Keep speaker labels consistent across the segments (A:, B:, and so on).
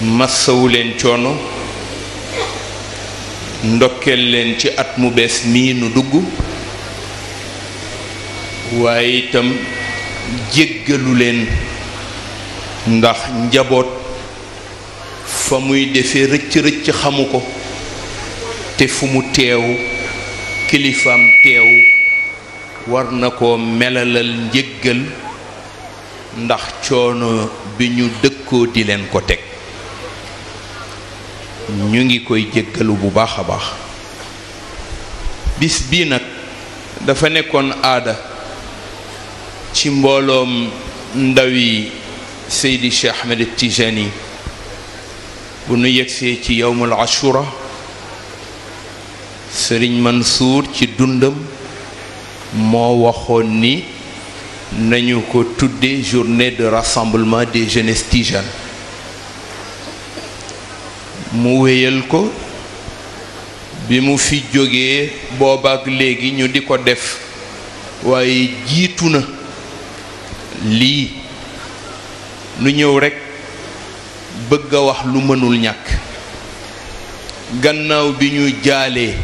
A: massawu leen coono ndokkel leen ci at mu bees mii dugg waaye itam jéggalu leen ndax njaboot fa muy defee rëcc-rëcc xamu ko te fu mu teew kilifaam teew war na ko melalal njéggal ndax coono bi ñu dëkkoo di leen ko teg ñu ngi koy jéggalu bu baax a baax bis bii nag dafa nekkoon aada ci mbooloom ndawi Seydi Cheikh Ahmed yi bu nu yegsee ci yowmul ashura Sëriñ Mansuur ci dundam moo waxoon ni nañu ko tudde journée de rassemblement des jeunesses tijanes mu wéyal ko bi mu fi jógee boobaak léegi ñu di ko def waaye jiitu na lii lu ñëw rekk bëgg a wax lu mënul ñàkk gannaaw bi ñu jaalee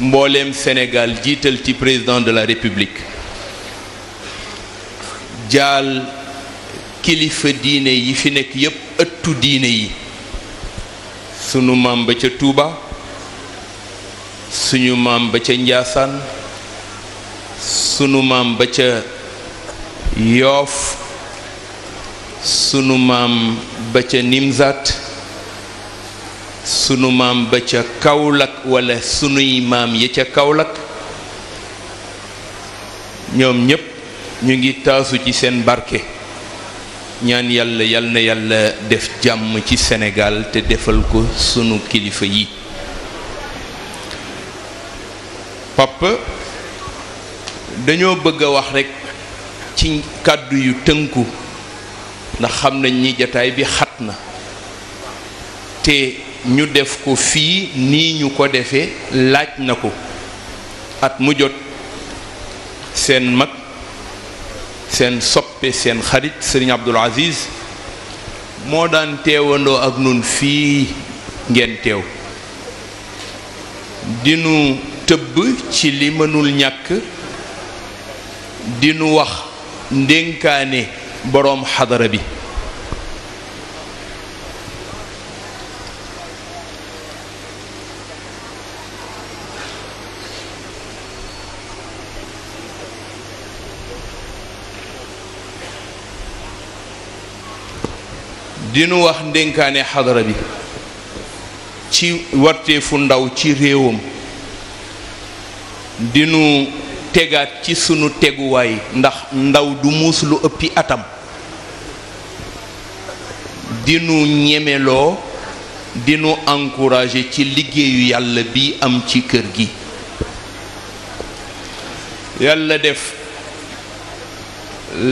A: mbooleem senegal jiital ci président de la République jaal kilifa diine yi fi nekk yépp ëttu diine yi sunu maam ba ca tuuba suñu maam ba ca Njaasaan sunu maam ba ca Yoof sunu maam ba ca Nimzat sunu maam ba ca Kaolack wala sunuy maam ya ca Kaolack ñoom ñépp ñu ngi taasu ci seen barke ñaan yàlla yal na yàlla def jàmm ci senegaal te defal ko sunu kilifa yi papa dañoo bëgg a wax rekk ci kàddu yu tënku ndax xam nañ ni jataay bi xat na te ñu def ko fii nii ñu ko defee laaj na ko at mu jot seen mag seen soppe seen xarit sëriñ Abdul Aziz moo daan teewandoo ak nun fii ngeen teew dinu tëbb ci li mënul ñàkk dinu wax ndénkaane boroom xadara bi dinu wax ndénkaane xadara bi ci warteefu ndaw ci réewam dinu tegaat ci sunu teguwaay ndax ndaw du muus lu ëpp atam dinu ñemeloo dinu encouragé ci liggéeyu yàlla bi am ci kër gi yàlla def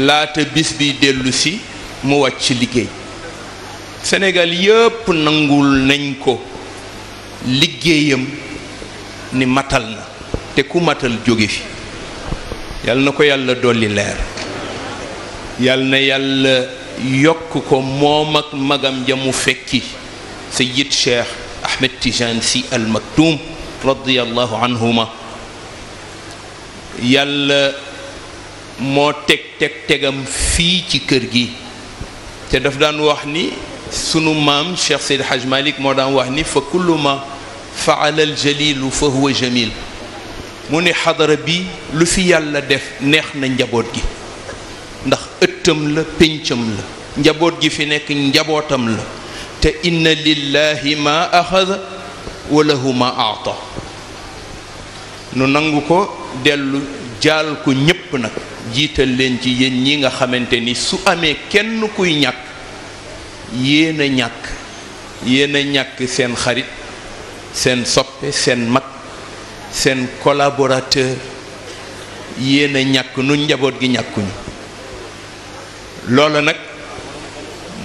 A: laata bis bi dellusi mu wàcc liggéey senegal yëpp nangul nañ ko liggéeyam ni matal na te ku matal jóge fi yal na ko yàlla dolli leer yal na yàlla yokk ko moom ak magam ja mu fekki sayyid cheikh ahmed tijaan si al maktum radiallahu anhuma yàlla moo teg teg tegam fii ci kër gi te daf daan wax ni sunu maam Cheikh Seyd Haj Malik moo daan wax ni fa kullu ma faala al jalilu fa huwa jamil mu ne xadara bi lu fi yàlla def neex na njaboot gi ndax ëttam la péncam la njaboot gi fi nekk njabootam la te inna lillahi ma axada wa lahu ma aata nu nangu ko dellu jaal ko ñépp nag jiital leen ci yéen ñi nga xamante ni su amee kenn kuy ñàkk yéen ñàkk yéen ñàkk seen xarit seen soppe seen mag seen collaborateur yéen ñàkk nu njaboot gi ñàkkuñu loola nag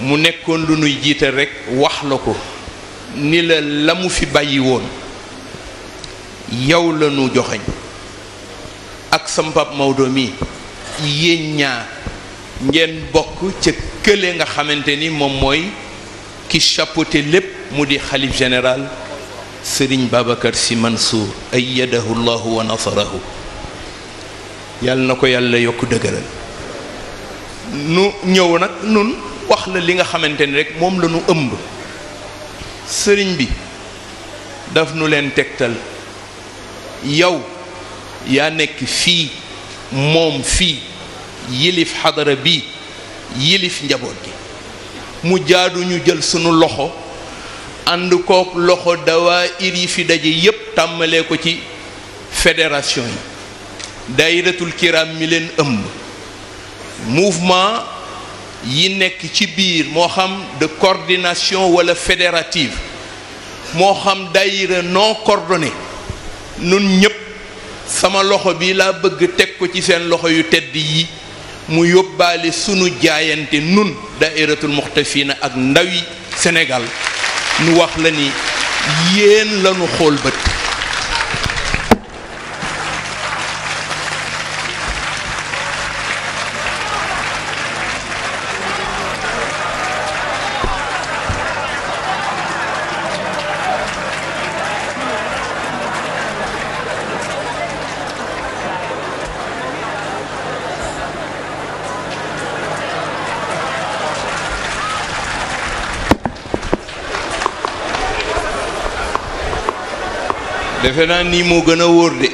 A: mu nekkoon lu nuy jiital rekk wax la ko ni la la mu fi bàyyi woon yow la nu joxeñ ak sa Pape Maodo mi yéen ñaar ngeen bokk ca kële nga xamante ni moom mooy ki chapeauté lépp mu di xalif général sëriñ Babacar si Mansour ayyadahu llahu wa nasarahu yàlla na ko yàlla yokk dëgëral nu ñëw nag nun wax la li nga xamante ni rek moom la ñu ëmb sëriñ bi daf nu leen tegtal yow yaa nekk fii moom fii yilif xadara bi yilif njaboot gi mu jaadu ñu jël sunu loxo ànd kook loxo dawa ir yi fi daje yépp tàmbalee ko ci fédération yi dayratul kiram mi leen ëmb mouvement yi nekk ci biir moo xam de coordination wala fédérative moo xam dayira non coordonné nun ñépp sama loxo bi laa bëgg teg ko ci seen loxo yu tedd yi mu yóbbaale sunu jaayante nun daairatul muxtafina ak ndawi Sénégal nu wax la ni yéen lañu xool bët defe naa nii moo gën a wóor de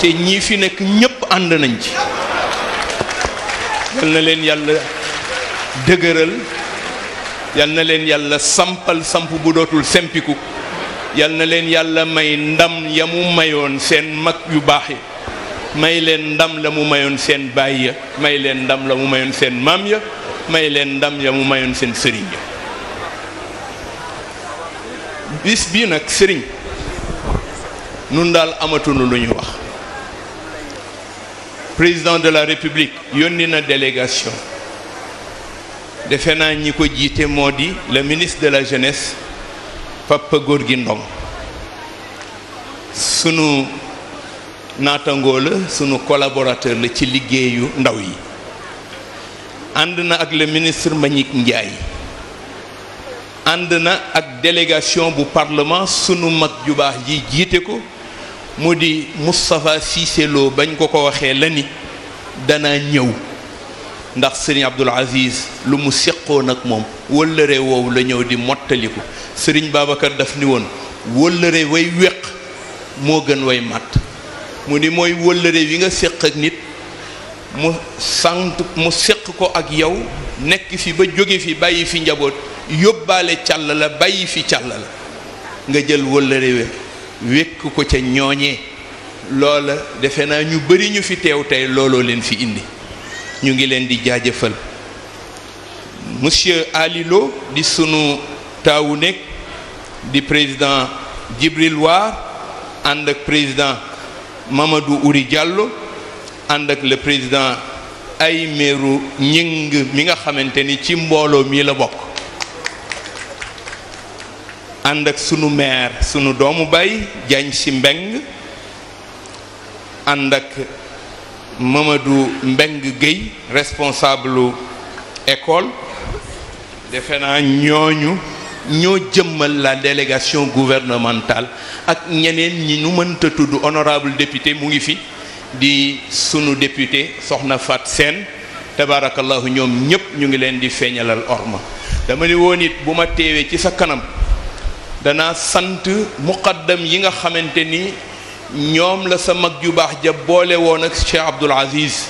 A: te ñii fi nekk ñépp ànd nañ ci yal na leen yàlla dëgëral yal na leen yàlla sampal samp bu dootul sempiku yal na leen yàlla may ndam ya mu mayoon seen mag yu baax yi may leen ndam la mu mayoon seen baay ya may leen ndam la mu mayoon seen maam ya may leen ndam ya mu mayoon seen sëriñ ya bis bii nag sëriñ nun daal amatunu lu ñu wax président de la république yónni na délégation defe naa ñi ko jiite moo di le ministre de la jeunesse Papa gi Ndong sunu naatangoo la sunu collaborateur la ci liggéeyu ndaw yi ànd na ak le ministre Mbagnick Ndiaye ànd na ak délégation bu parlement sunu mag ju baax ji jiite ko mu di Moustapha Cissé bañ ko ko waxee la ni dana ñëw ndax sëriñ Abdul Aziz lu mu seqoon ak moom wëllëre woow la ñëw di mottaliku sëriñ Babacar daf ni woon wëllëre way weq moo gën way màtt mu ni mooy wëllëre wi nga séq ak nit mu sant mu séq ko ak yow nekk fi ba jóge fi bàyyi fi njaboot yóbbaale càll la bàyyi fi càll la nga jël wëllëre we wékk ko ca ñooñee loola defe naa ñu bari ñu fi teew tey looloo leen fi indi ñu ngi leen di jaajëfal monsieur Ali Lo di sunu taawu nekk di président Djibril War ànd ak président Mamadou uri Diallo ànd ak le président ay Aymerou Gning mi nga xamante ni ci mbooloo mii la bokk ànd ak sunu maire sunu doomu bay Diagne si Mbengue ànd ak Mamadou Mbengue Guèye responsable école defe naa ñooñu ñoo jëmmal la délégation gouvernementale ak ñeneen ñi ñu mënta tudd honorable député mu ngi fi di sunu député soxna Fat Sène tabarakallahu ñoom ñëpp ñu ngi leen di feeñalal orma dama ni woon it bu ma teewee ci sa kanam danaa sant muqaddam yi nga xamante ni ñoom la sa mag ju baax ja boole woon ak Cheikh Abdoul Aziz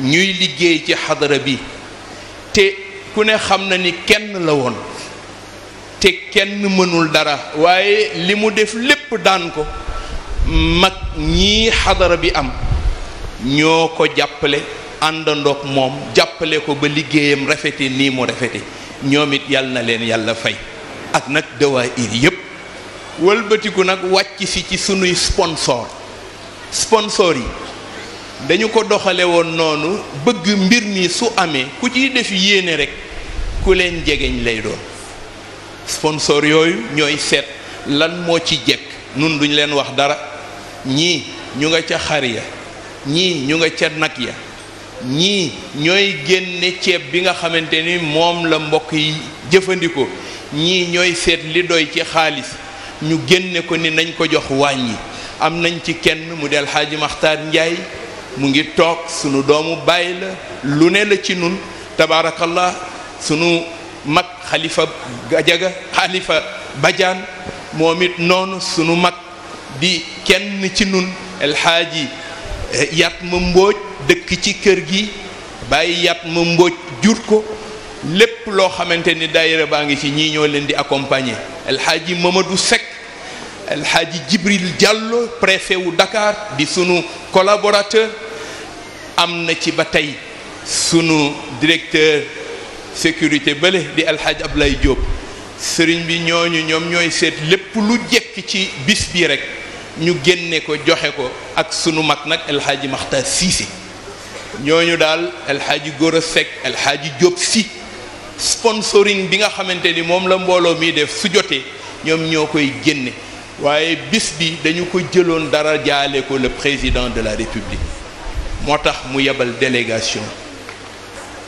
A: ñuy liggéey ci xadara bi te ku ne xam na ni kenn la woon te kenn mënul dara waaye li mu def lépp daan ko mag ñi xadara bi am ñoo ko jàppale àndandoog moom jàppale ko ba liggéeyam rafete nii mu rafete ñoom it yàlla na leen yàlla fay ak nag dawaayir yëpp wëlbatiku nag wàcc si ci sunuy sponsor sponsor yi dañu ko doxale woon noonu bëgg mbir mi su amee ku ciy def yéene rekk ku leen jegeñ lay doon sponsor yooyu ñooy seet lan moo ci jekk nun duñ leen wax dara ñii ñu nga ca xar ya ñii ñu nga ca nag ya ñii ñooy génne ceeb bi nga xamante ni moom la mbokk yi jëfandikoo ñii ñooy seet li doy ci xaalis ñu génne ko ni nañ ko jox wàññi am nañ ci kenn mu del xaaji maxtaar njaay mu ngi toog sunu doomu bàyyi la lu ne la ci nun tabaarakallah sunu mag xalifa gajaga xalifa bajaan moom it noonu sunu mag di kenn ci nun el xaaji eh, yat ma mbóoj dëkk ci kër gi bàyyi yat ma mbóoj jur ko lépp loo xamante ni daayira baa ngi ci ñii ñoo leen di accompagner El Hadji Mamadou Seck El Hadji Djibril Diallo préfet wu Dakar di sunu collaborateur am na ci ba tey sunu directeur sécurité bële di El Hadji Ablaye Diop sëriñ bi ñooñu ñoom ñooy seet lépp lu jekk ci bis bi rek ñu génne ko joxe ko ak sunu mag nag El Hadji Makhtar Cissé ñooñu daal El Hadji Gora Seck El Hadji Diop si sponsoring bi nga xamante ni moom la mbooloo mi def su jotee ñoom ñoo koy génne waaye bis bi dañu ko jëloon dara jaale ko le président de la république moo tax mu yebal délégation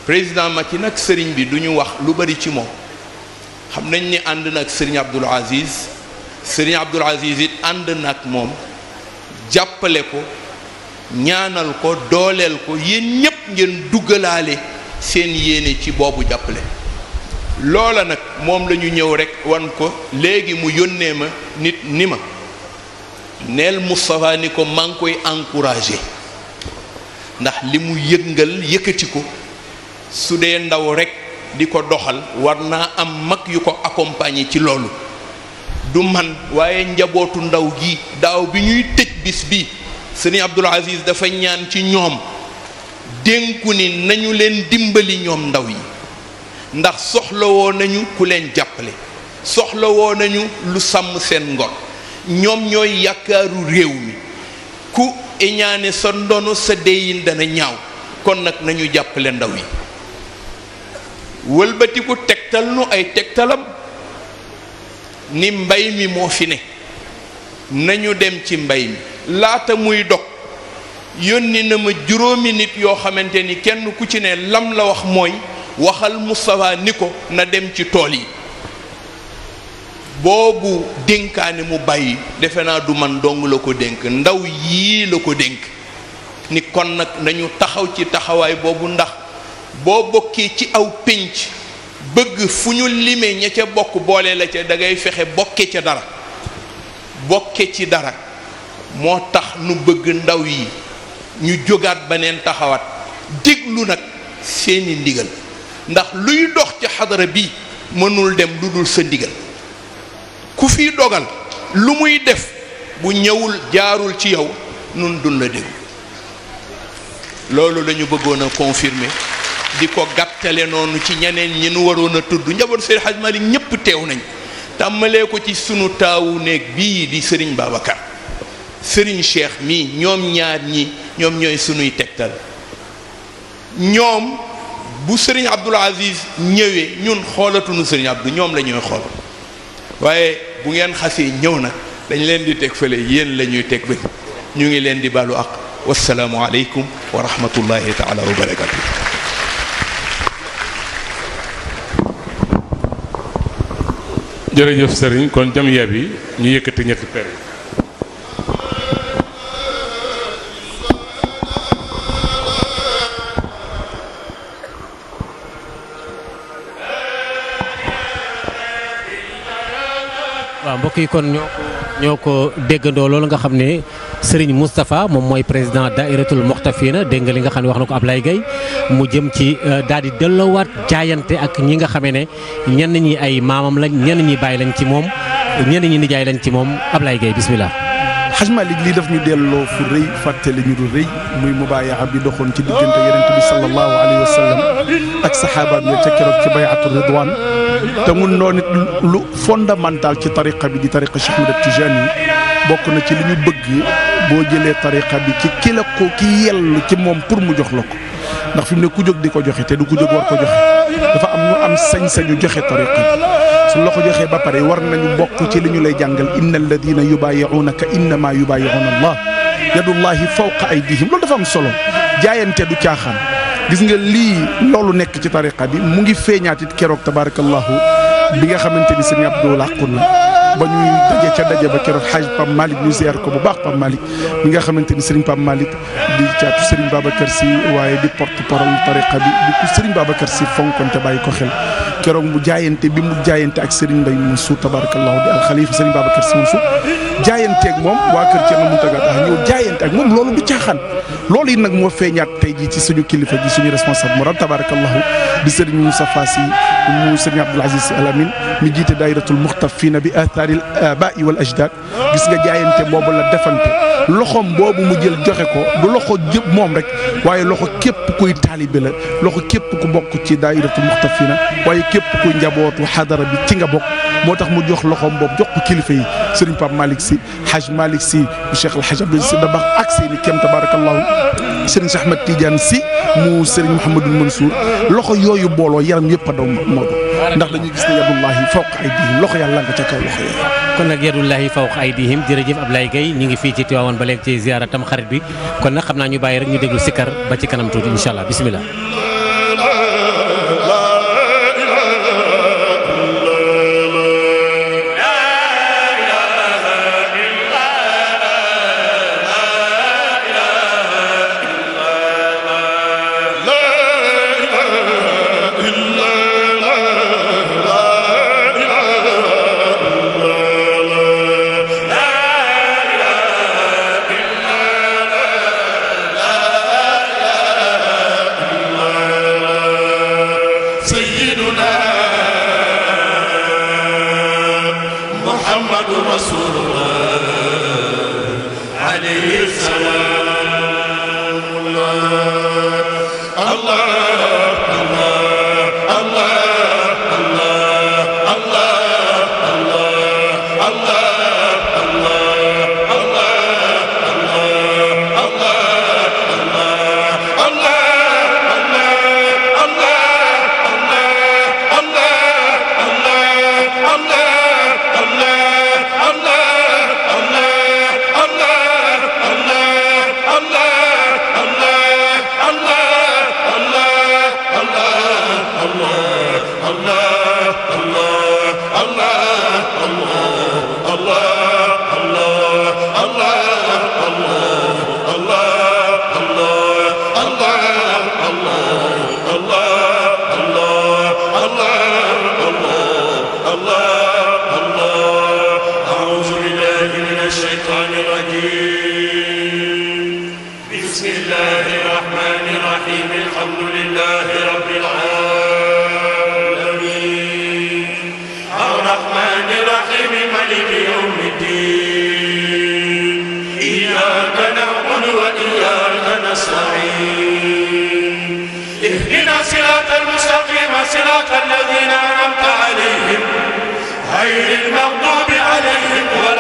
A: président Macky nag sëriñ bi duñu wax lu bari ci moom xam nañ ni ànd nag sëriñ Abdoul Aziz sëriñ Abdoul Aziz it ànd nag moom jàppale ko ñaanal ko dooleel ko yéen ñépp ngeen duggalaale seen yéene ci boobu jàppale loola nag moom lañu ñëw rek wan ko léegi mu yónnee ma nit ni ma neel Moustapha ni ko maa ngi koy encouragé ndax li mu yëngal yëkkati ko su dee ndaw rekk di ko doxal war naa am mag yu ko accompagner ci loolu du man waaye njabootu ndaw gi daaw bi ñuy tëj bis bi sëñ Abdul Aziz dafa ñaan ci ñoom dénku ni nañu leen dimbali ñoom ndaw yi ndax soxlawoo nañu ku leen jàppale soxlawoo nañu lu sàmm seen ngor ñoom ñooy yaakaaru réew mi ku iñaane sa ndono sa deyin dana ñaaw kon nag nañu jàppale ndaw yi wëlbatiku tegtal nu ay tegtalam ni mbay mi moo fi ne nañu dem ci mbay mi laata muy dog yónni na ma juróomi nit yoo xamante ni kenn ku ci ne lam la wax mooy waxal Moustapha ni ko na dem ci tool yi boobu dénkaane mu bàyyi defe naa du man dong la ko dénk ndaw yii la ko dénk ni kon nag nañu taxaw ci taxawaay boobu ndax boo bokkee ci aw pénc bëgg fu ñu lime ña ca bokk boole la ca da ngay fexe bokke ca dara bokke ci dara moo tax nu bëgg ndaw yi ñu jógaat beneen taxawaat déglu nag seeni ndigal ndax luy dox ci xadara bi mënul dem lu dul sa ndigal ku fi dogal lu muy def bu ñëwul jaarul ci yow nun dun la déglu loolu la ñu bëggoon a confirmer di ko gàttale noonu ci ñeneen ñi nu waroon a tudd njaboot Seydi Hadj Malick ñëpp teew nañ tàmmalee ko ci sunu taawu néeg bii di sëriñ Babacar Serigne Cheikh mii ñoom ñaar ñi ñoom ñooy sunuy tegtal ñoom bu sëriñ Abdul Aziz ñëwee ñun xoolatuñu sëriñ Abdou ñoom la xool waaye bu ngeen xasee ñëw nag dañ leen di teg fële yéen lañuy teg bëgg ñu ngi leen di baalu ak wasalaamu aleykum wa rahmatullahi taala wa barakatu
B: jërëjëf sëriñ kon jamiya bi ñu yëkkati ñetti per yi mbokk yi kon ñoo ko ñoo ko déggandoo loolu nga xam ne sëriñ Moustapha moom mooy président dairatul Moxtafina dégg nga li nga xam ne wax na ko Ablaye Gueye mu jëm ci euh, daal di delloowaat jaayante ak ñi nga xamee ne ñenn ñi ay maamam lañ ñenn ñi bàyyi lañ ci moom ñenn ñi nijaay lañ ci moom Ablaye Gueye bisimilah.
C: xaj ma li daf ñu delloo fu rëy fàttali ñu du rëy muy mubaayaa bi doxoon ci diggante yonent bi sallallahu alayhi wa sallam ak saxaabaam ya ca keroog ci bayatu te mun noon it lu fondamental ci tariqa bi di tariqa Cheikh Ahmed Tijani bokk na ci li ñu bëgg boo jëlee tariqa bi ci ki la ko ki yellu ci moom pour mu jox la ko ndax fi mu ne ku jóg di ko joxe te du ku jóg war ko joxe dafa am ñu am sañ-sañu joxe tariqa bi su la ko joxee ba pare war nañu bokk ci li ñu lay jàngal inna alladina yubaayi'unaka innama yubaayi'una allah yadullahi fawqa aydihim loolu dafa am solo jaayante du caaxam gis nga lii loolu nekk ci tariqa bi mu ngi feeñaat it keroog tabarakallahu bi nga xamante ni sëñ Abdou làqu na ba ñuy daje ca daje ba keroog xaaj Pape Malick ñu ziar ko bu baax Pape Malick mi nga xamante ni Serigne Pape Malick di caatu Serigne Babacar Sy waaye di porte parole tariqa bi di ko Serigne Babacar Sy fonkonte bàyyi ko xel keroog mu jaayante bi mu jaayante ak Serigne Mbaye Mansour tabarakallahu di alxalifa Serigne Babacar Sy Mansour jaayanteeg moom waa kër Thierno Mountaga Daha ñëw jaayante ak moom loolu du caaxaan loolu yi nag moo feeñaat tey jii ci suñu kilifa ji suñu responsable moral tabarakallahu di Serigne Moussa Fassi mu sëriñ Abdoul Aziz Al Amin mi jiite daayiratul muxtafina bi athaaril abaai wal ajdaad gis nga jaayante boobu la defante loxoom boobu mu jël joxe ko du loxo jëpp moom rek waaye loxo képp ku taalibe la loxo képp ku bokk ci daayiratul muxtafina waaye képp kuy njabootu xadara bi ci nga bokk moo tax mu jox loxoom boobu jox ko kilifa yi sëriñ Pape Malick Sy Haj Malick Sy bu Cheikh El Hadj Abdoul Aziz Sy Dabakh ak seeni kem tabarakallahu Serigne sax ma Tidiane si mu Serigne Mouhamadul Mansour loxo yooyu booloo yaram yëpp a daw Maodo ndax dañuy gis ne yadullahi fawqa aydihim loxo yàlla nga ca kaw loxo yooyu.
B: kon nag yadullahi fawqa aydihim jërëjëf Ablaye ñu ngi fii ci Tivaouane ba léegi ci ziara tam xarit bi kon na xam naa ñu bàyyi rek ñu déglu sikkar ba ci kanam tuuti incha allah bisimilah.
D: Allah عليهم غير المغضوب عليهم ولا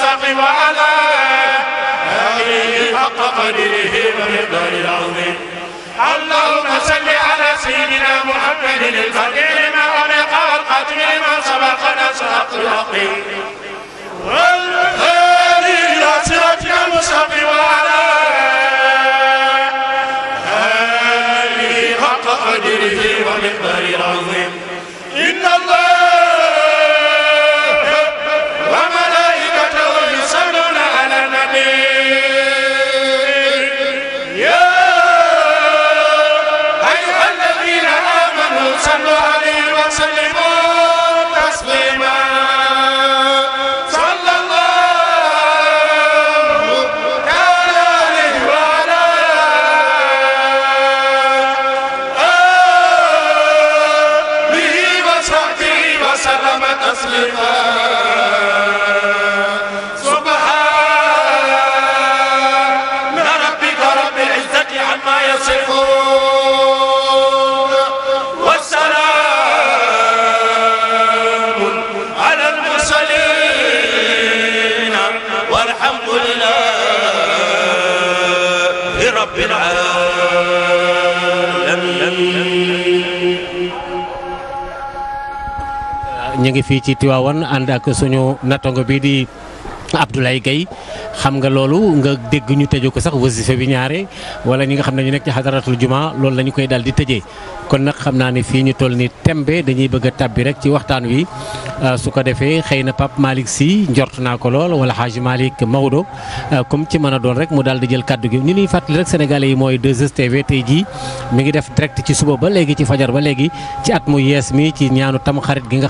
D: المستقيم وعلى آله حق قدره ومقدار العظيم اللهم صل على سيدنا محمد الفقير ما أغلق القتل ما سبق نسى الحق والهادي إلى صراطك المستقيم وعلى
B: ñu ngi fii ci Tiwaawan ànd ak suñu nattango bii di Abdoulaye Gaye xam nga loolu nga dégg ñu tëjee ko sax wasifa bi ñaare wala ñi nga xam ne ñu nekk ci xadaratul juma loolu la ñu koy daal di tëjee kon nag xam naa ne fii ñu toll ni tembe dañuy bëgg a tàbbi rek ci waxtaan wi euh, su ko defee xëy na Pape Malick Sy njort naa ko lool wala Hadj Malick Maodo comme euh, ci mën a doon rek mu daal di jël kaddu gi ni ñuy fàttali rek sénégalais yi mooy 2STV tey jii mi ngi def direct ci suba ba léegi ci fajar ba léegi ci at mu yees mi ci ñaanu tam xarit gi nga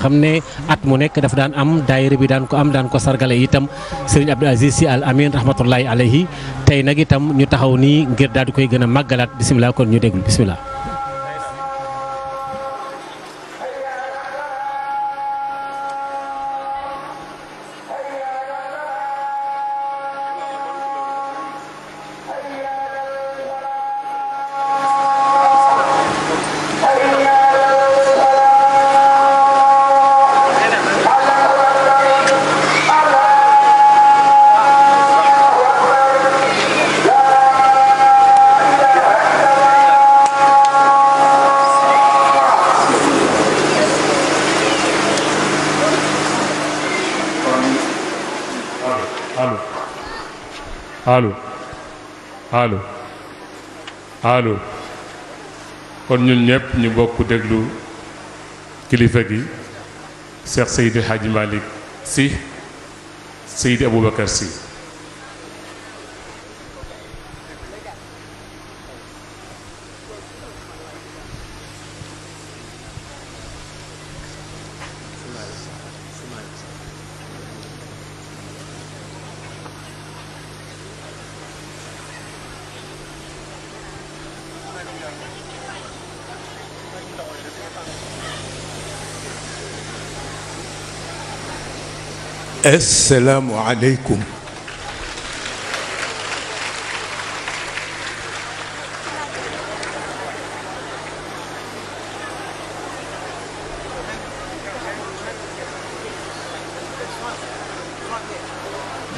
B: sëriñ Abdou Aziz Sy Al Amin rahmatullahi alayhi tey nag itam ñu taxaw nii ngir daal di koy gën a màggalaat bisimilah kon ñu déglu bisimilah. xaalu
E: kon ñun ñëpp ñu bokk déglu kilifa gi Cheikh Seydi Hadji Malick Sy Seydi Aboubacar Sy assalaamu aleykum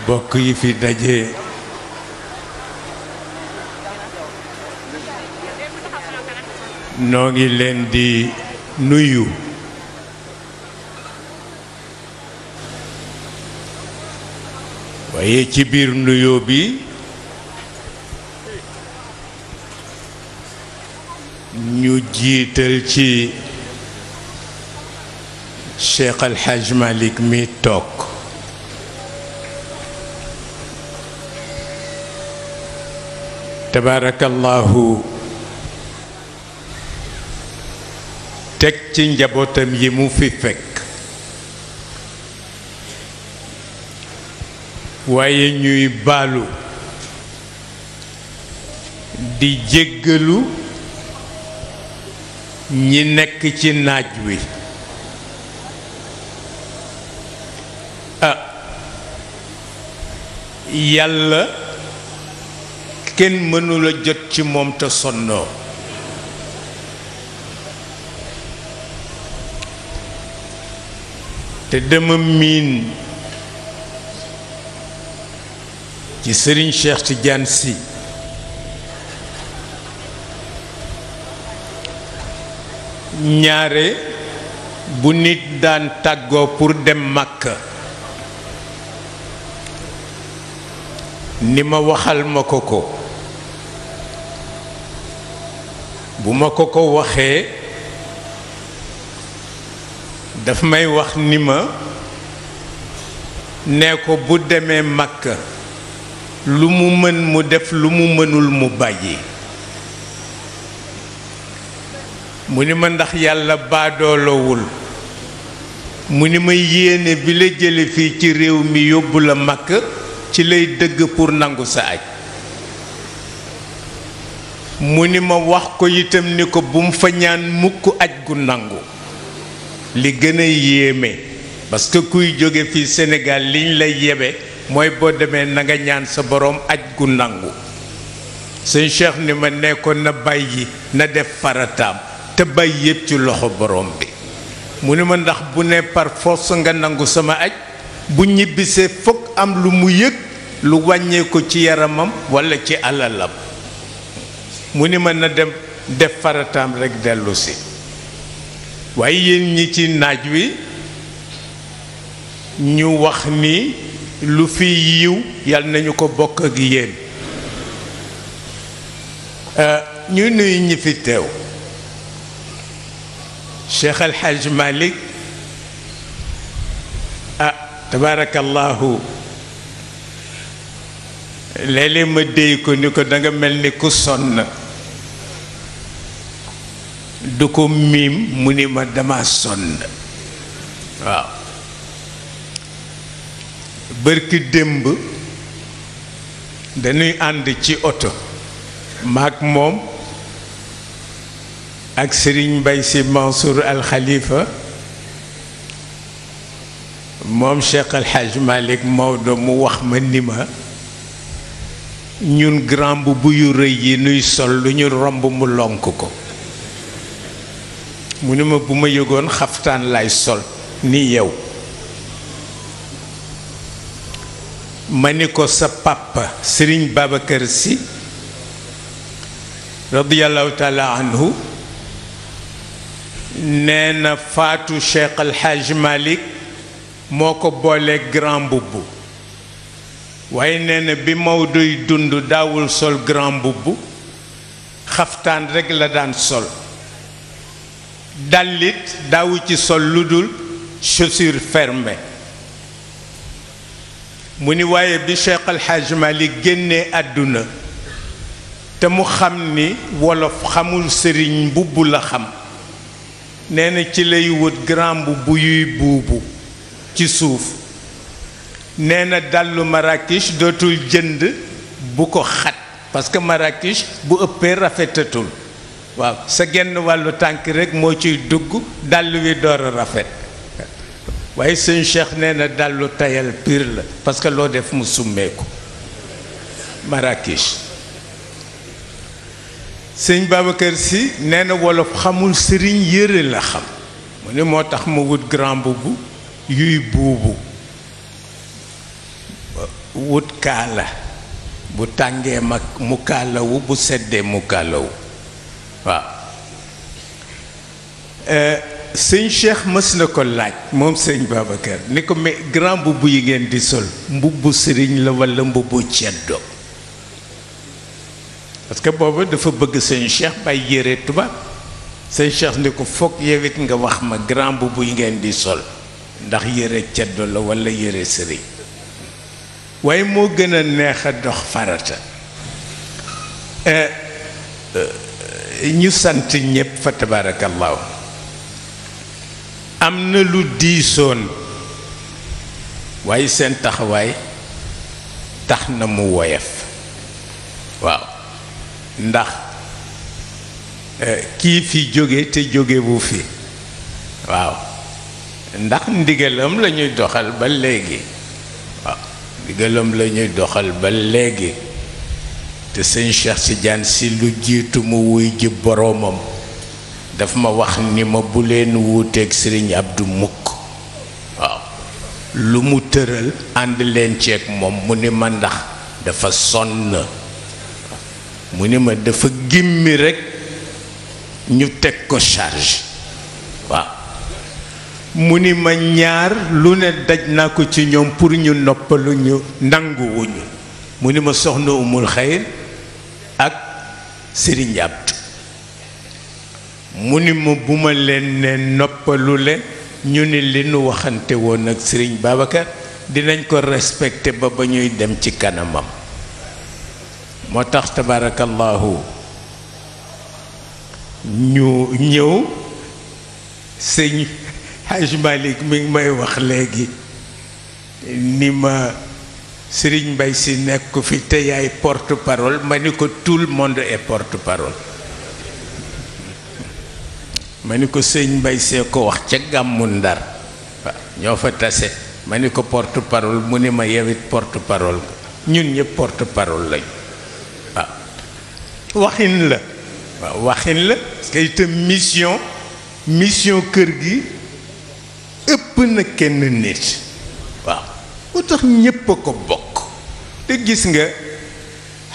E: bokk yi fi daje noo ngi leen di nuyu waaye ci biir nuyoo bi ñu jiital ci Cheikh Al Hadj mi toog tabaarakallaahu ci njabootam yi mu fi fekk waaye ñuy baalu di jéggalu ñi nekk ci naaj wi ah yàlla kenn mënula jot ci moom te sonnoo te dama miin ci Serigne Cheikh Tidiane si ñaare bu nit daan tàggoo pour dem Makka ni ma waxal ma ko ko bu ma ko ko waxee daf may wax ni ma nee ko bu demee màkk lu mu mën mu def lu mu mënul mu bàyyi mu ni ma ndax yàlla baadoolowul mu ni ma yéene bi la jële fii ci réew mi yóbbu la màkk ci lay dëgg pour nangu sa aj mu ni ma wax ko itam ni ko bum mu fa ñaan mukk aj gu nangu li gën a yéeme parce que kuy jóge fii Sénégal liñ lay yebe mooy boo demee nanga ñaan sa borom aj gu nangu sëñ Cheikh ni ma nekkoon na bàyyi na def farataam te bàyyi yépp ci loxo borom bi mu ni ma ndax bu ne par force nga nangu sama aj bu ñibbisee fokk am lu mu yëg lu wàññee ko ci yaramam walla ci alalam mu ni ma na dem def farataam rekk dellusi waaye yéen ñi ci naaj wi ñu wax ni lu fi yiw yal nañu ko bokk ak yéen euh, ñu nuyu ñi fi teew Cheikh El Hadj Malick ah tabaarakallaahu léeg ma déy ko ni ko da mel ni ku sonn. du ko miim mu ni ma dama sonn waaw bërki démb dañuy ànd ci oto maak moom ak sëriñ bay Sy Mansour alxalifa moom Cheikh Al Hadj Malick Maodo mu wax ma ni ma ñun grand bu yu rëy yi nuy sol lu ñu romb mu lonk ko mu ne ma bu ma yëgoon xaftaan lay sol ni yow ma ni ko sa pàppa sëriñ Babacar Sy radiallahu taala anhu nee na faatu Cheikh Alxaaj Malik moo ko boolee grand mbubb waaye neena bi bi duy dund daawul sol grand mbubb xaftaan rekk la daan sol dallit daawu ci sol lu dul chaussure fermée mu ni waaye bi Cheikh Al génnee àdduna te mu xam ni wolof xamul sëriñ mbubb la xam nee ci lay wut grand mbubb yuy buubu ci suuf nee na dàllu Marrakech dootul jënd bu ko xat parce que Marrakech bu ëppee rafetatul waaw sa genn wàllu tànk rekk moo ciy dugg dàll wi door a rafet waaye sëñ Cheikh nee na dàllu tayal pire la parce que loo def mu summeeku Marrakech sëñ Babacar Sy nee na wolof xamul sëriñ yëre la xam mu ne moo tax mu wut grand mbubb yuy buubu wut kaala bu tàngee mag mu kaalawu bu seddee mu kaalawu waaw euh, sëñ Cheikh mës na ko laaj moom sëñ Babacar ni ko mais grand mbubb yi ngeen di sol mbubbu sëriñ la walla mbubbu ceddo parce que booba dafa bëgg sëñ Cheikh bay yére tubaab sëñ Cheikh ni ko foog yow nga wax ma grand mbubb yi ngeen di sol ndax yére ceddo la walla yére sëriñ waaye moo gën a neex a dox farata euh, ñu sant ñépp fa tabaarakallaahu am na lu diisoon waaye seen taxawaay tax na mu woyef waaw ndax eh, kii fi jóge te jóge bu fi waaw ndax ndigalam lañuy doxal ba léegi waaw ndigalam la doxal ba léegi te sëñ Cheikh si lu jiitu mu wuy ji boroomam daf ma wax ni ma bu leen wuuteeg sëriñ Abdu mukk waaw lu mu tëral ànd leen ceeg moom mu ni ma ndax dafa sonn mu ni ma dafa gimmi rekk ñu teg ko charge waaw mu ni ma ñaar lu ne daj naa ko ci ñoom pour ñu noppaluñu nanguwuñu mu ni ma soxna umul xayr ak sëriñ Abdou mu ni ma bu ma leen ne noppalu leen ñu ni li nu waxante woon ak Serigne Babacar dinañ ko respecté ba ba ñuy dem ci kanamam moo tax tabarakallahu ñu ñëw sëñ Haj Malik mi ngi may wax léegi ni ma Serigne Mbaye si nekk fi te yaay porte parole ma ni ko tout le monde est porte parole ma ni ko sëñ Mbaye see ko wax ca gàmmu ndar ñoo fa tase ma ni ko porte parole mu ni ma yewit porte parole ñun ñëpp porte parole lañ waaw waxin la waaw waxin la parce itam mission mission kër gi ëpp na kenn nit waaw moo tax ñépp a ko bokk te gis nga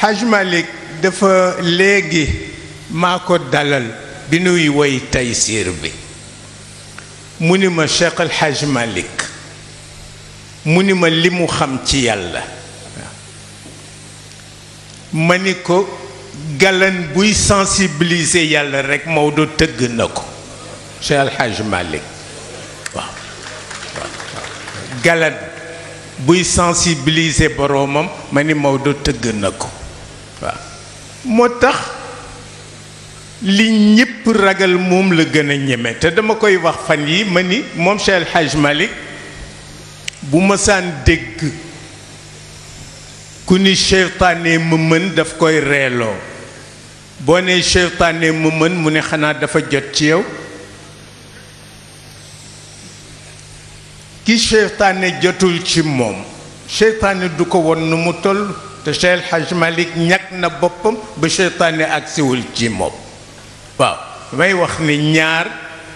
E: Haj Malik dafa léegi maa ko dalal bi nuy woy Taysiir bi mu ni ma Cheikh al Malik mu ni ma li mu xam ci yàlla ma ni ko galan buy sensibiliser yàlla rekk Maodo tëgg na ko Cheikh al Malik waaw galan buy sensibilise boroomam ma ni Maodo tëgg na ko waaw moo tax li ñépp ragal moom la gën a ñeme te dama koy wax fan yi ma ni moom Cheikh El Hadj Malick bu mësaan dégg ku ni seytaane ma mën daf koy reeloo boo nee seytaane ma mën mu ne xanaa dafa jot ci yow ki seytaane jotul ci moom seytaane du ko won nu mu toll te Cheikh Hadj Malick ñàkk na boppam ba seytaane agsiwul ci moom waaw may wax ni ñaar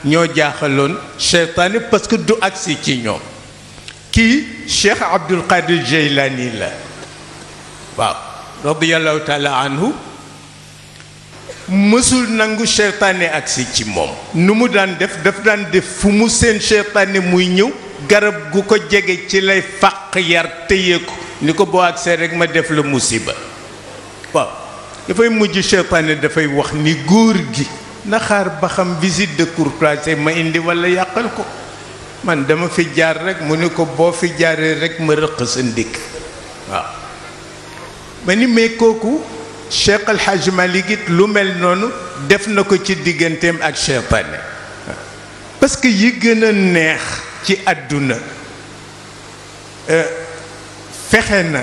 E: ñoo jaaxaloon seytaane parce que du agsi ci ñoom kii Cheikh Abdul Qadir Jeylaani la waaw radiallahu taala anhu mësul nangu seytaane agsi ci moom nu mu daan def daf daan def fu mu seen seytaane muy ñëw garab gu ko jege ci lay fàq yar téye ko ni ko boo agsee rek ma def la musiba waaw dafay mujj seytaane dafay wax ni góor gi na ba xam visite de courtoisie ma indi walla yàqal ko man dama fi jaar rek mu ni ko boo fi jaaree rek ma rëq sa ndikk waaw ma ni mais kooku Cheikh Al it lu mel noonu def na ko ci digganteem ak seytaane parce que yi gën a neex ci àdduna euh, fexe na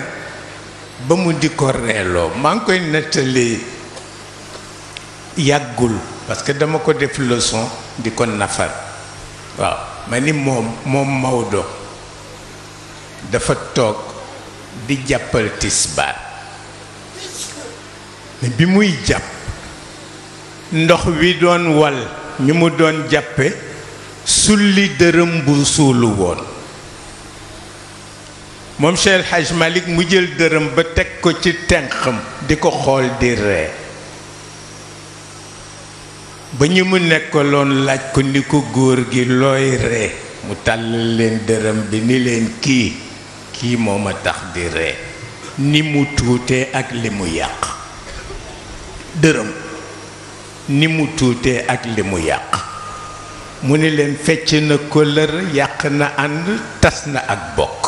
E: ba mu di ko reeloo maa ngi koy nettali yàggul parce que dama ko def leçon di ko nafar waaw ma ni moom moom Maodo dafa toog di jàppal tisbaar mais bi muy jàpp ndox wi doon wal ñu mu doon jàppe sulli dërëm bu suulu woon moom Cheikh El Hadj mu jël dërëm ba teg ko ci tenqam di ko xool di ree ba ñu ma nekkaloon laaj ko ni ko góor gi looy ree mu tàll leen dërëm bi ni leen kii kii moo ma tax di ree ni mu tuutee ak li mu yàq dërëm ni mu tuutee ak li mu yàq mu ni leen fecc na kóllër yàq na ànd tas na ak bokk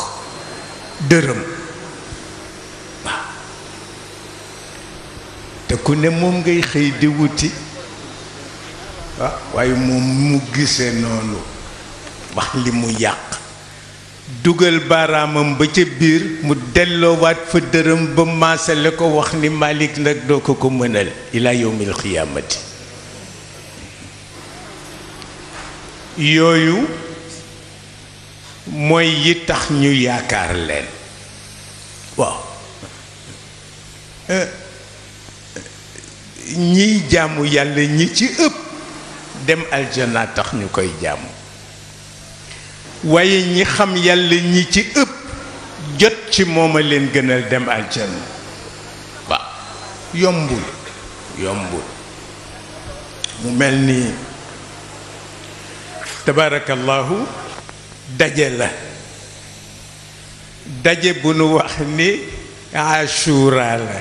E: dërëm waaw te ku ne moom ngay xëy di wuti waaw waaye moom mu gisee noonu wax li mu yàq dugal baaraamam ba ca biir mu delloowaat fa dërëm ba la ko wax ni Malick nag doo ko ko mënal ilaa yowmil xiyaamati yooyu mooy yi tax ñu yaakaar leen waaw euh, ñiy jaamu yàlla ñi ci ëpp dem aljana tax ñu koy jàmm waaye ñi xam yàlla ñi ci ëpp jot ci moom a leen gënal dem aljana waaw yombul yombul mu mel nii tabaarakallaahu daje la daje bu nu wax ni ashura la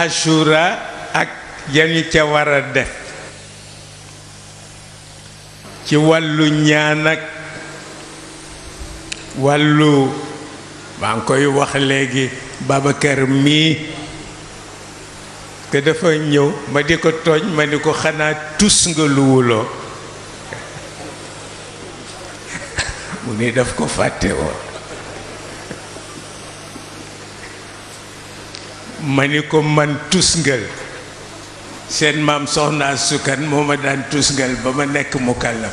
E: ashura ak yañu ca war a def ci wàllu ñaan ak wàllu maa ngi koy wax léegi kër mii te dafa ñëw ma di ko tooñ ma ni ko xanaa tus nga luwuloo mu ni daf ko fàtte woon ma ni ko man tusngal seen maam soxnaa sukkan moo ma daan tusngal ba ma nekk mu kàllam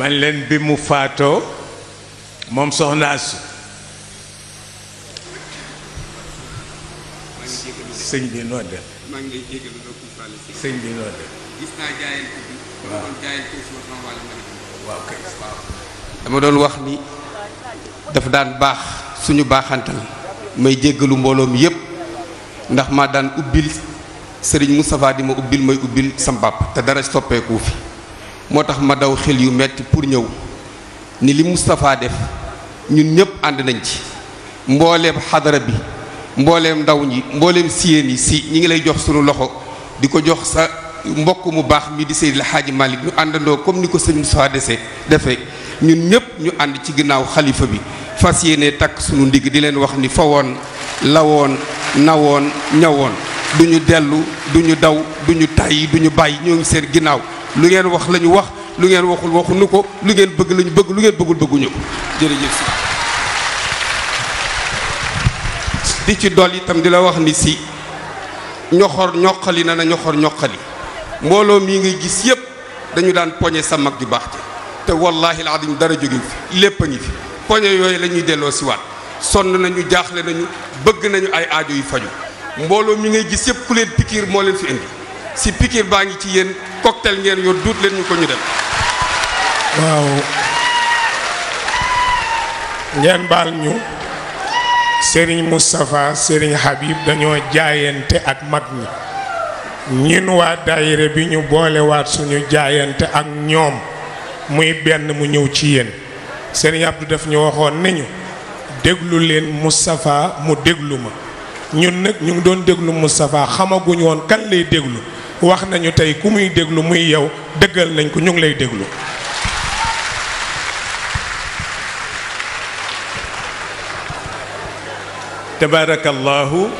E: man leen bi mu faatoo moom soxnaa su
F: sëñ bi noo def sëñ bi noo def waaw dama doon wax ni dafa daan baax suñu baaxantal may jéggalu mbooloo mi yépp ndax maa daan ubbil sëriñ Moustapha di ma ubbil may ubbil sam bàpp te dara soppeeku fi moo tax ma daw xel yu metti pour ñëw ni li Moustapha def ñun ñëpp ànd nañ ci mbooleem xadara bi mbooleem ndaw ñi mbooleem siyeen yi si ñi ngi lay jox sunu loxo di ko jox sa mbokk mu baax mi di Seydil Hadji Malick ñu àndandoo comme ni ko sëñ Moussa dese defe ñun ñëpp ñu ànd ci ginnaaw xalifa bi fas yéene takk sunu ndigg di leen wax ni fa woon la woon na woon ñawoon duñu dellu duñu daw du ñu tàyyi du ñu bàyyi ñoo ngi seen ginnaaw lu ngeen wax lañu wax lu ngeen waxul waxuñu ko lu ngeen bëgg lañu bëgg lu ngeen bëggul bëgguñu ko jërëjëf si di ci dol itam di la wax ni si ñoxor ñoqali na na ñoxor mbooloo mii ngay gis yépp dañu daan poñe sa mag ju baax ji te wallaahi alazim dara jóge fi lépp a ngi fi poñe yooyu lañuy delloo siwaat waat sonn nañu jaaxle nañu bëgg nañu ay aajo yu faju mbooloo mi ngay gis yépp ku leen pikiir moo leen fi indi si pikiir baa ngi ci yéen cocktail ngeen yor duut leen ñu ko ñu dem
C: waaw ngeen baal ñu Serigne Moustapha
E: Serigne Habib dañoo jaayante ak mag ñi ñin waa daayira bi ñu boolewaat suñu jaayante ak ñoom muy benn mu ñëw ci yéen Serigne Abdou daf ñu waxoon nañu déglu leen Moustapha mu déglu ma ñun nag ñu ngi doon déglu Moustapha xamaguñu woon kan lay déglu wax nañu tey ku muy déglu muy yow dëggal nañ ko ñu ngi lay déglu tabaarakallaahu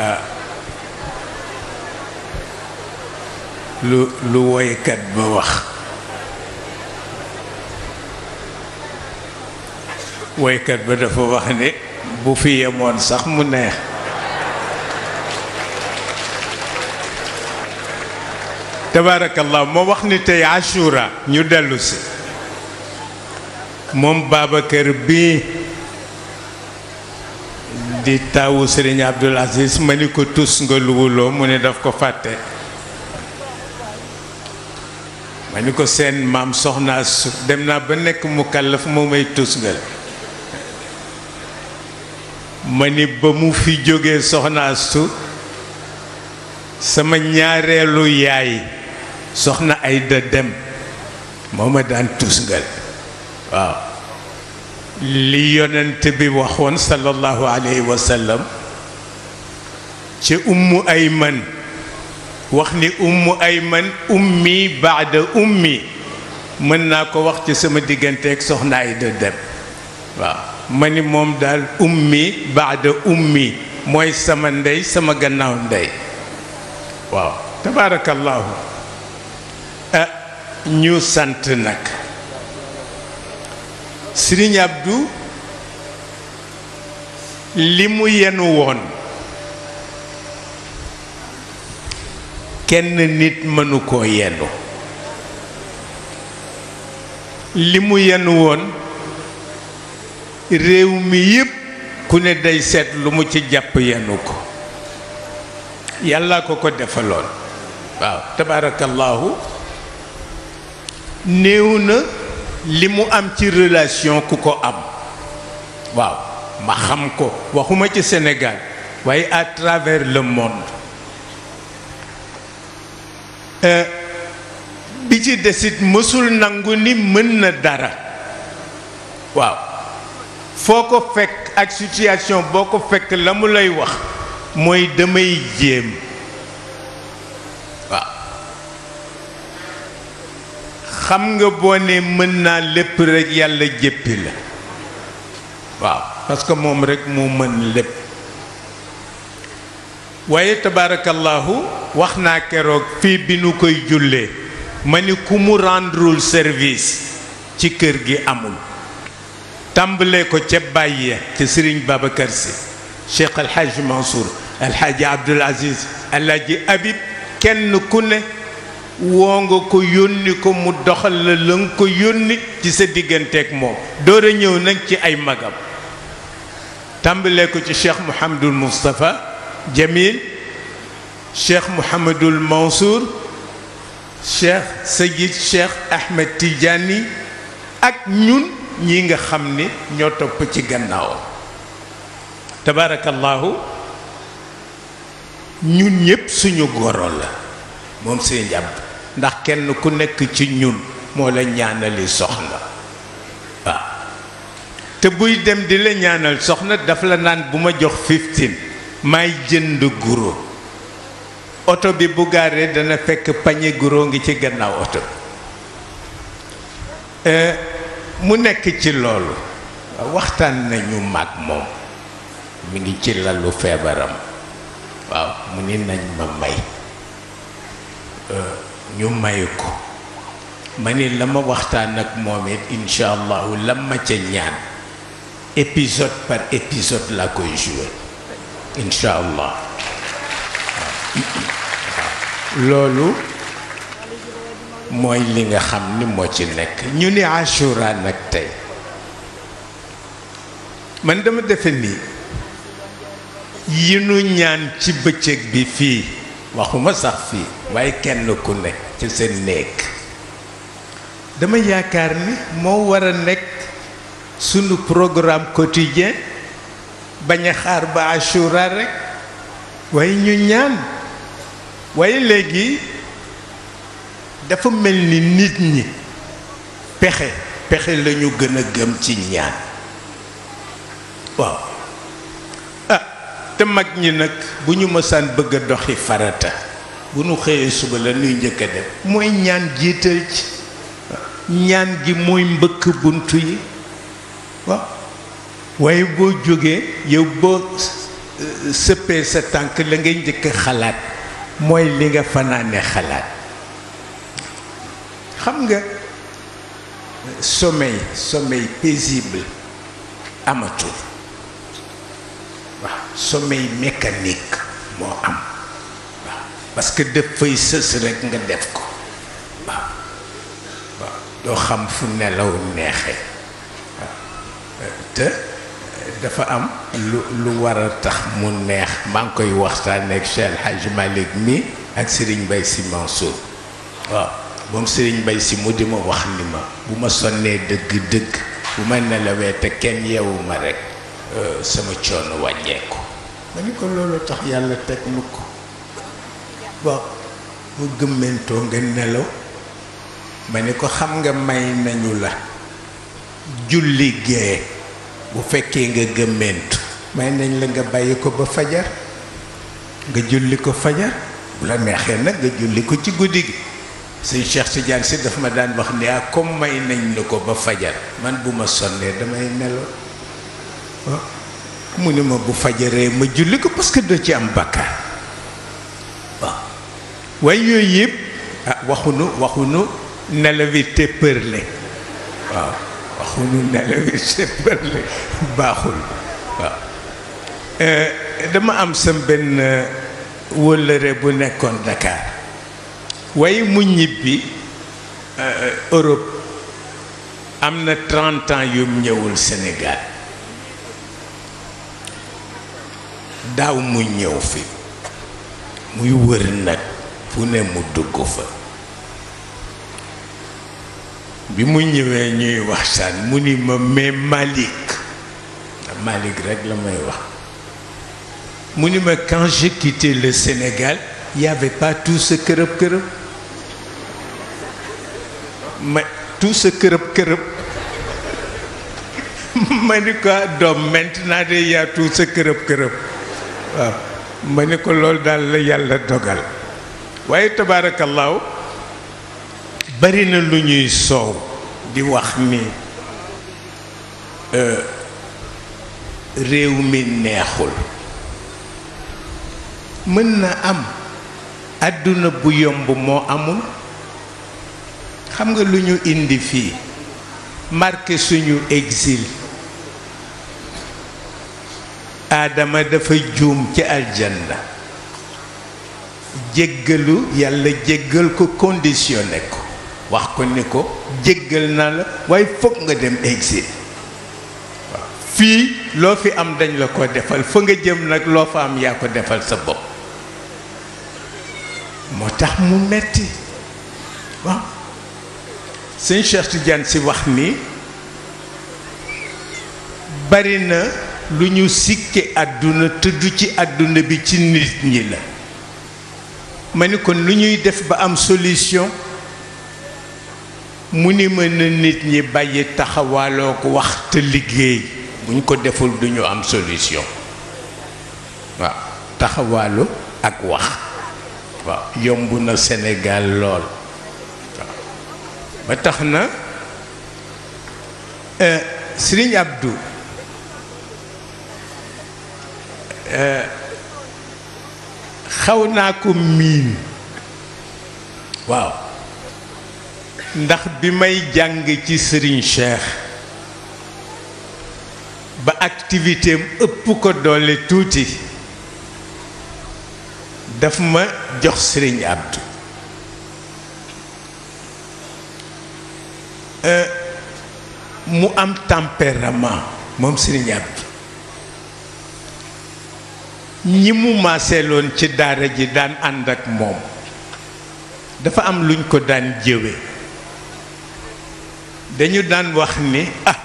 E: Euh, lu lu woykat ba wax woykat ba dafa wax ne bu fi yemoon sax mu neex tabaarakallah moo wax ni tey Ashura ñu dellusi si moom Babacar bii di taawu Serigne Abdoul Aziz ma ni ko tus nga luwuloo mu ne daf ko fàtte ma ni ko seen maam soxnaa su dem naa ba nekk mu kàllaf moo may tus ma ni ba mu fi jógee soxnaa su sama ñaareelu yaay soxna Ayda dem moo ma daan tus waaw li yonent bi waxoon sallallahu alayhi wa sallam ci ummu ayman wax ni ummu man ummi baada ummi mën naa ko wax ci sama diggante ak ay da dem waaw ma ni moom daal ummi baada ummi mooy sama ndey sama gannaaw ndey waaw tabaarakallaahu ah, ñu sant nag Sëriñ Abdou li mu yenu woon kenn nit mënu koo yenu li mu yenu woon réew mi yépp ku ne day seet lu mu ci jàpp yenu ko yàlla ko ko defaloon waaw tabaarakallaahu néew na li mu am ci relation ku ko am waaw ma xam ko waxuma ci Sénégal waaye à travers le monde euh, bi ci desit mësul nangu ni mën na dara waaw foo ko fekk ak situation boo ko fekk la mu lay wax mooy damay jéem xam nga boo ne mën naa lépp rekk yàlla jéppi la waaw parce que moom rekk moo mën lépp waaye tabaarakallaahu wax naa keroog fii bi nu koy jullee ma ni ku mu rendrul service ci kër gi amul tàmbalee ko ca bàyye ca Sëriñ Babacar Si Cheikh Alxaaji Mansour Alxaaji Abdul Aziz Alxaaji Habib kenn ku ne woo nga ko yónni ko mu doxal la la nga ko yónni ci sa digganteeg moom door a ñëw nag ci ay magam tàmbalee ko ci cheikh Mouhamadul Moustapha Jamil cheikh Mouhamadul Mansour cheikh Sayid cheikh Ahmed Tidiane ak ñun ñi nga xam ni ñoo topp ci gannaawam tabaarakallaahu ñun ñépp suñu goro la moom seen jàpp ndax kenn ku nekk ci ñun moo la ñaanali soxla waaw te buy dem di la ñaanal soxna dafa la naan bu ma jox 15 may jënd guro oto bi bu gaaree dana fekk pañe guro ngi ci gannaaw oto bi euh, mu nekk ci loolu waxtaan nañu mag moom mi ngi ci lalu feebaram waaw mu ni nañ ma may euh, ñu may ko ma ni la ma waxtaan ak moom it incha la ma ca ñaan épisode par épisode laa koy joué incha loolu mooy li nga xam ni moo ci nekk ñu ni Ashura nag tey man dama defe nii yi nu ñaan ci bëccëg bi fii waxuma sax fii waaye kenn ku nekk ci seen néeg dama yaakaar ni moo war a nekk sunu programme quotidien bañ a xaar ba Achoura rek waaye ñu ñaan waaye léegi dafa mel ni nit ñi pexe pexe lañu ñu gën a gëm ci ñaan waaw ah te mag ñi nag bu ñu mësaan bëgg a doxi farata bu nu xëyee suba la nuy njëkk a mooy ñaan jiital ci ñaan gi mooy mbëkk bunt yi waaw waaye boo jógee yow boo euh, sëppee sa tànk la ngay njëkk xalaat mooy li nga fanaane xalaat xam nga sommeil sommeil paisible amatul waaw sommeil mécanique moo am parce que def fay sës rekk nga def ko waaw doo xam fu nelaw neexee waaw te dafa am lu lu war a tax mu neex maa ngi koy waxtaan ak Cheikh Hadj Malick mi ak Serigne Mbaye Sy Mansour waaw moom Serigne Mbaye Sy mu di ma wax ni ma bu ma sonnee dëgg-dëgg bu ma nelawee te kenn yewuma rekk euh, sama coono wàññeeku ma ni ko loolu tax yàlla teg nu ko bon mu gëmmentoo nga nelaw ma ne ko xam nga may nañu la julli gee bu fekkee nga gëmmentu may nañ la nga bàyyi ko ba fajar nga julli ko fajar bu la neexee nag nga julli ko ci guddi gi sëñ si Tidiane si dafa ma daan wax ne ah comme may nañ la ko ba fajar man bu ma sonnee damay nelaw ah, mu ne ma bu fajaree ma julli ko parce que doo ci am bakkaar waaye yooyu yëpp ah waxunu waxunu nelawi te përle waaw waxunu nelawi te baaxul waaw eh, dama am sam benn eh, wëllëre bu nekkoon Dakar waaye mu ñibbi eh, Europe am na trente ans ñëwul Sénégal daaw mu ñëw fi muy wër nag fu ne mu dugg fa bi mu ñëwee ñuy waxtaan mu ni ma mais Malick Malick rek la may wax mu ni ma quand j'ai quitté le Sénégal il pas tout ce kërëb kërëb ma tout ce kërëb kërëb ma ni ko doom maintenant de y a tout ce kërëb kërëb waaw ma ni ko loolu daal la yàlla dogal waaye tabaarakallaahu bari na lu ñuy soow di wax mi euh, réew mi neexul mën na am àdduna bu yomb moo amul xam nga lu ñu indi fii marqué suñu exil aadama dafa juum ci aljanna jéggalu yàlla jéggal ko conditionné ko wax ko ni ko jéggal naa la waaye foog nga dem exil waaw fii loo fi am dañ la ko defal fa nga jëm nag loo fa am yaa ko defal sa bopp moo tax mu metti waaw sëñ Cheikh si wax ni bari na lu ñu sikke àdduna tëdd ci àdduna bi ci nit ñi la ma ni kon lu ñuy def ba am solution mu ni mën na nit ñi bàyyi taxawaaloo ko waxte liggéey bu ñu ko deful duñu am solution waaw taxawaalu ak wax waaw yomb na Sénégal lool waaw ba tax na euh, Serigne Abdou euh, xaw naa ko miin waaw ndax bi may jàng ci Serigne Cheikh ba activité ëpp ko doole tuuti daf ma jox sëriñ Abdou euh, mu am tempérament moom Serigne Abdou ñi mu maaseeloon ci daara ji daan ànd ak moom dafa am luñ ko daan jëwe dañu daan wax ni ah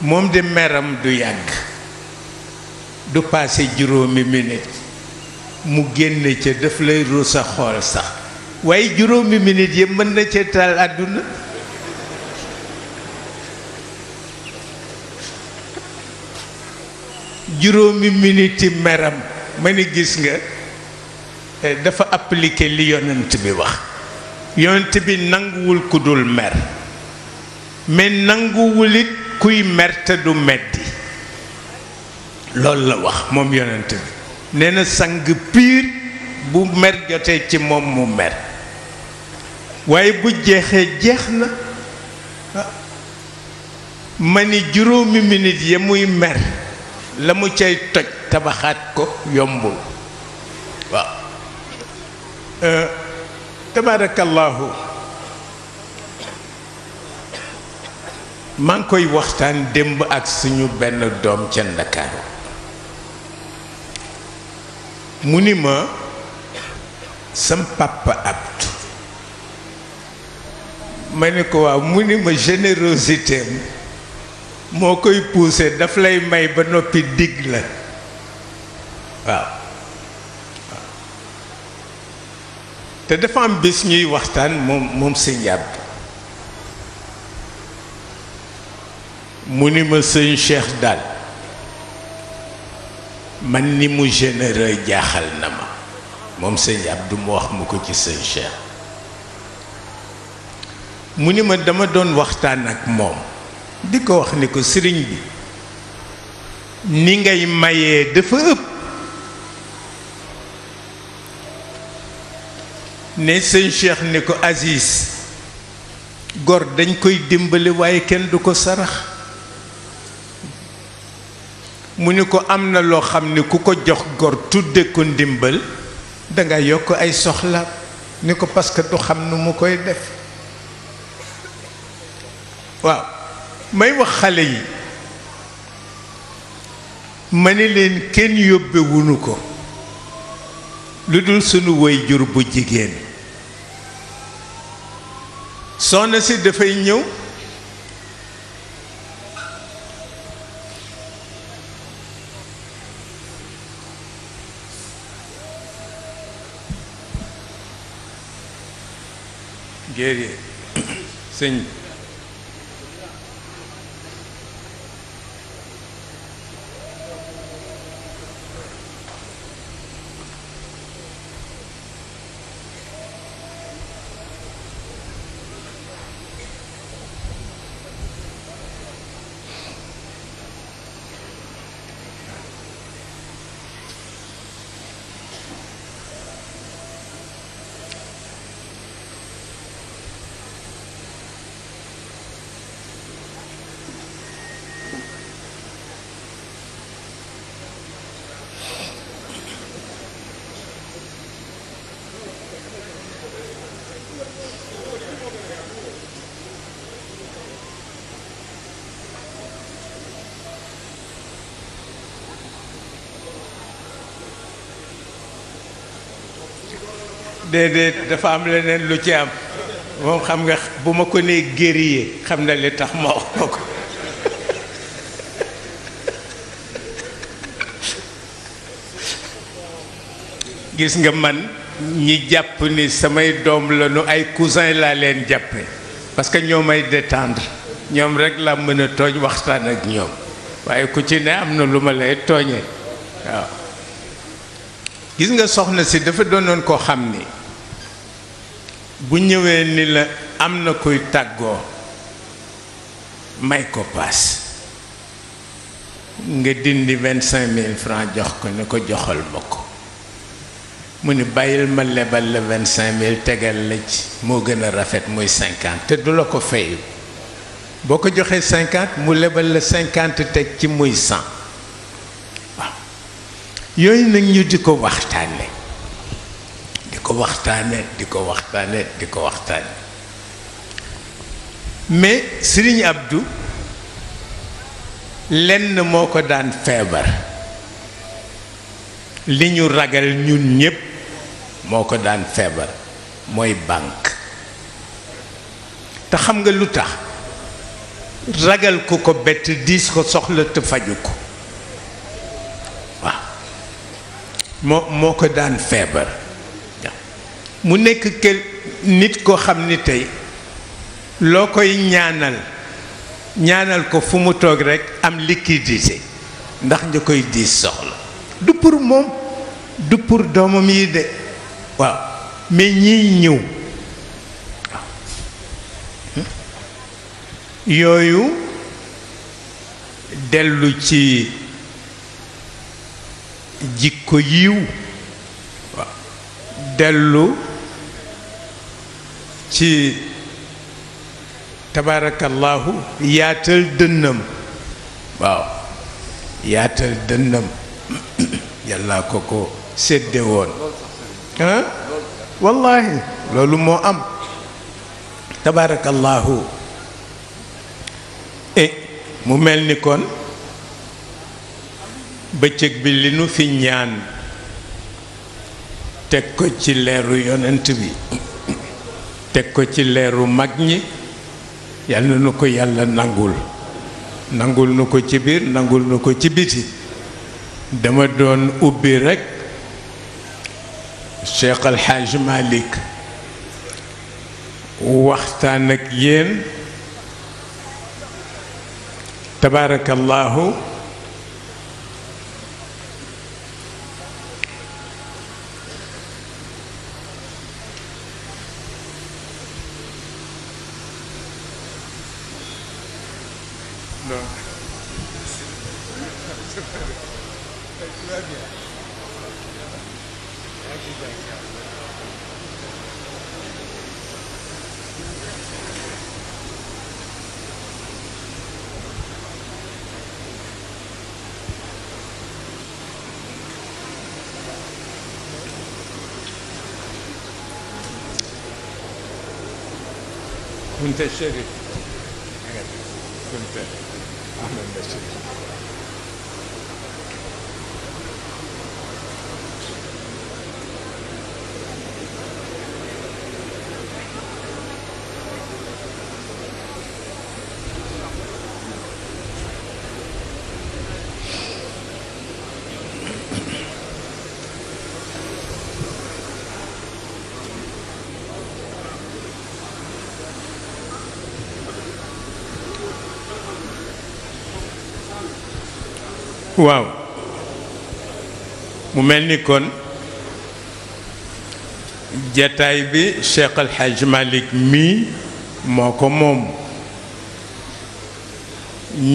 E: moom de meram du yàgg du paase juróomi minit mu génn ca daf lay ruus xool sax waaye juróomi minit yëpp mën na ca taal àdduna juróomi miniti meram ma ni gis nga eh, dafa appliqué li yonent bi wax yonent bi nanguwul ku dul mer mais nanguwul it kuy mer te du meddi loolu la wax moom yonent bi nee na sang piir bu mer jotee ci moom mu mer waaye bu jeexee jeex na ah. ma ni juróomi minit ya muy mer la mu cay toj tabaxaat ko yombul waaw euh, tabaarakallaahu maa ngi koy waxtaan démb ak suñu benn doom ca Ndakaaru mu ni ma sam papa Abdou ma ne ko waaw mu ni ma générosité am moo koy poussé daf lay may ba noppi digg la waaw te dafa am bés ñuy waxtaan moom moom sëñ yàbb mu ni ma sëñ Cheikh daal man ni mu généreux jaaxal na ma moom sëñ yàbb du wax mu ko ci sëñ Cheikh mu ni ma dama doon waxtaan ak moom di ko wax ni ko sëriñ bi ni ngay mayee dafa ëpp ne sëñ Cheikh ni ko asiis gor dañ koy dimbali waaye kenn du ko sarax mu ni ko am na loo xam ni ku ko jox gor tudde ko ndimbal danga yokk ay soxla ni ko parce que du xam nu mu koy def waaw may wax xale yi ma ni leen kenn yóbbe ko lu dul woy jur bu jigéen soo soxna si dafay ñëw géer sëñ déedéet dafa am leneen lu ci am moom xam nga bu ma ko nee guerrier xam na li tax ma ko gis nga man ñi jàpp ni samay doom la nu ay cousin laa leen jàppe parce que ñoo may détendre ñoom rek laa mën a tooñ waxtaan ak ñoom waaye ku ci ne am na lu ma lay tooñee waaw gis nga soxna si dafa doonoon koo xam ni bu ñëwee ni la am na koy tàggoo may ko paas nga dindi vingt cinq mille francs jox ko ne ko joxal ma ko mu ni bàyyil ma lebal la vingt cinq mille tegal la ci moo gën a rafet muy cinquante te du la ko fayu boo ko joxee cinquante mu lebal la cinquante teg ci muy cent waaw yooyu nag ñu di ko waxtaane ko waxtaane di ko waxtaane di ko waxtaane mais Serigne Abdou lenn moo ko daan feebar li ñu ragal ñun ñépp moo ko daan feebar mooy banque te xam nga lu tax ragal ku ko bett diis ko soxla te faju ko waaw moo moo ko daan feebar mu nekk kër nit ko xam ni tey loo koy ñaanal ñaanal ko fu mu toog rekk am liquidité ndax ñu koy diis soxla du pour moom du pour doomam yi de waaw mais ñiy ñëw hmm? yooyu dellu ci jikko yiw dellu ci tabaarakallaahu yaatal dënnam waaw yaatal dënnam yàlla ko ko seddewoon woon loolu moo am tabaarakallaahu e eh, mu mel ni kon bëccëg bi li nu fi ñaan teg ko ci leeru yonent bi teg ko ci leeru mag ñi yal na nu ko yàlla nangul nangul nu ko ci biir nangul nu ko ci biti dama doon ubbi rekk Cheikh Al Hadj Malick waxtaan ak yéen tabaarakallaahu waaw mu mel ni kon jataay bi Cheikh Al Hadj mii moo ko moom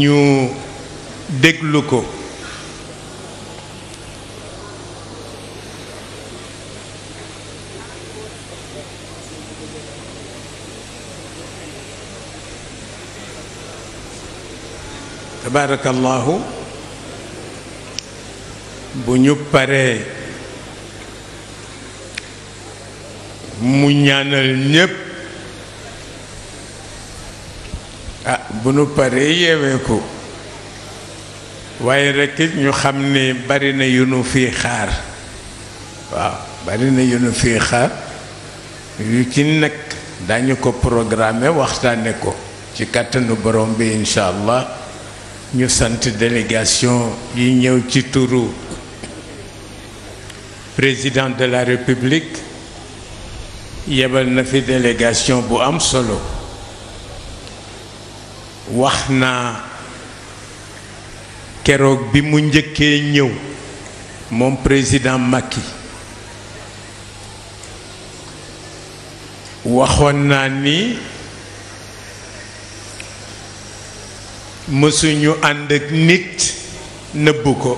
E: ñu déglu ko tabaarakallaahu bu ñu paree mu ñaanal ñépp ah bu ñu paree yeewee waaye rekk ñu xam ne bari na yu nu fii xaar waaw bari na yu nu fii xaar yu ci nekk dañu ko programme waxtaane ko ci kàttanu borom bi incha allah ñu sant délégation yi ñëw ci turu président de la république yebal na fi délégation bu am solo wax naa keroog bi mu njëkkee ñëw moom président Macky waxoon naa ni mësuñu ànd ak nit nëbbu ko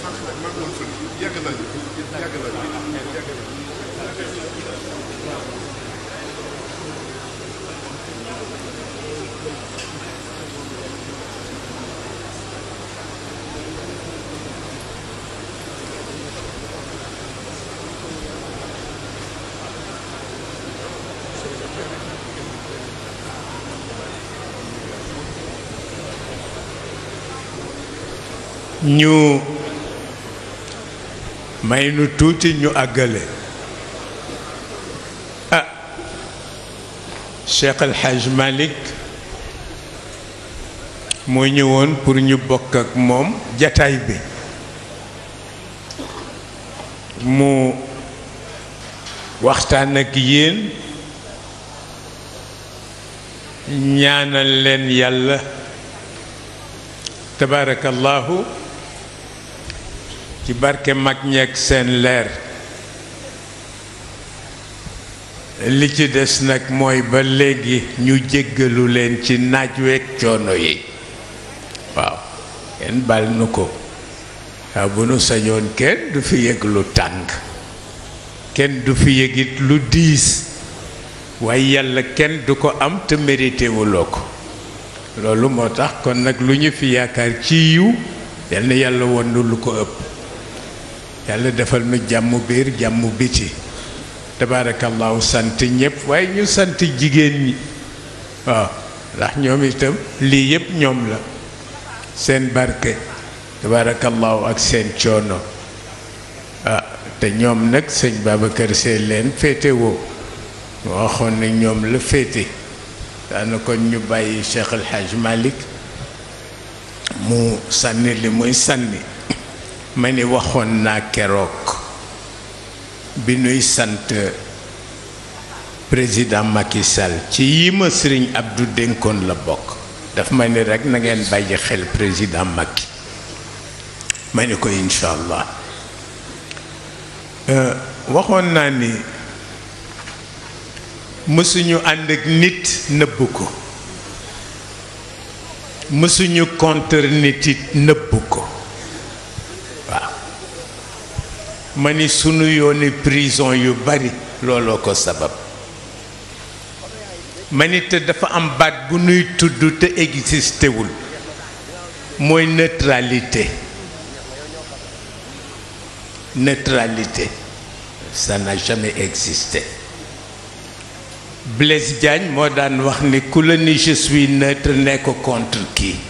F: yàgg nañu yàgg nañu
E: ñu may nu tuuti ñu àggale ah Cheikh El moo ñëwoon pour ñu bokk ak moom jataay bi mu waxtaan ak yéen ñaanal leen yàlla tabaarakallaahu ci barke mag ñeeg seen leer li ci des nag mooy ba léegi ñu jëggalu leen ci naaj weeg coono yi waaw kenn bal nu ko waaw bu nu sañoon kenn du fi yëg lu tàng kenn du fi yëgit lu diis waaye yàlla kenn du ko am te mérité wuloo ko loolu moo tax kon nag lu ñu fi yaakaar ci yiw yal na yàlla won lu ko ëpp yàlla defal nu jàmm biir jàmm biti tabaarakallaahu sant ñëpp waaye ñu sant jigéen ñi waaw ndax ñoom itam lii yëpp ñoom la seen barke tabaarakallaahu ak seen coono ah, te ñoom nag sëñ Babacar Sy leen féete woo waxoon na ñoom la féete daana ñu bàyyi Cheikh El Hadj Malick mu sànni li muy sànni ma ni waxoon naa keroog bi nuy sant président Macky Sall ci yi ma sëriñ ab du dénkoon la bokk dafa ma ni rekk na ngeen bàyyi xel président Macky ma ni ko incha allah euh, waxoon naa ni mësuñu ànd ak nit nëbb ko mësuñu contre nit it nëbb ko mani ni sunu yooni prison yu bari looloo ko sabab ma te dafa am baat bu nuy tudd te existewul mooy neutralité neutralité ça n'a jamais existé Blaise Diagne moo daan wax ni ku la ni je suis neutre nekk contre kii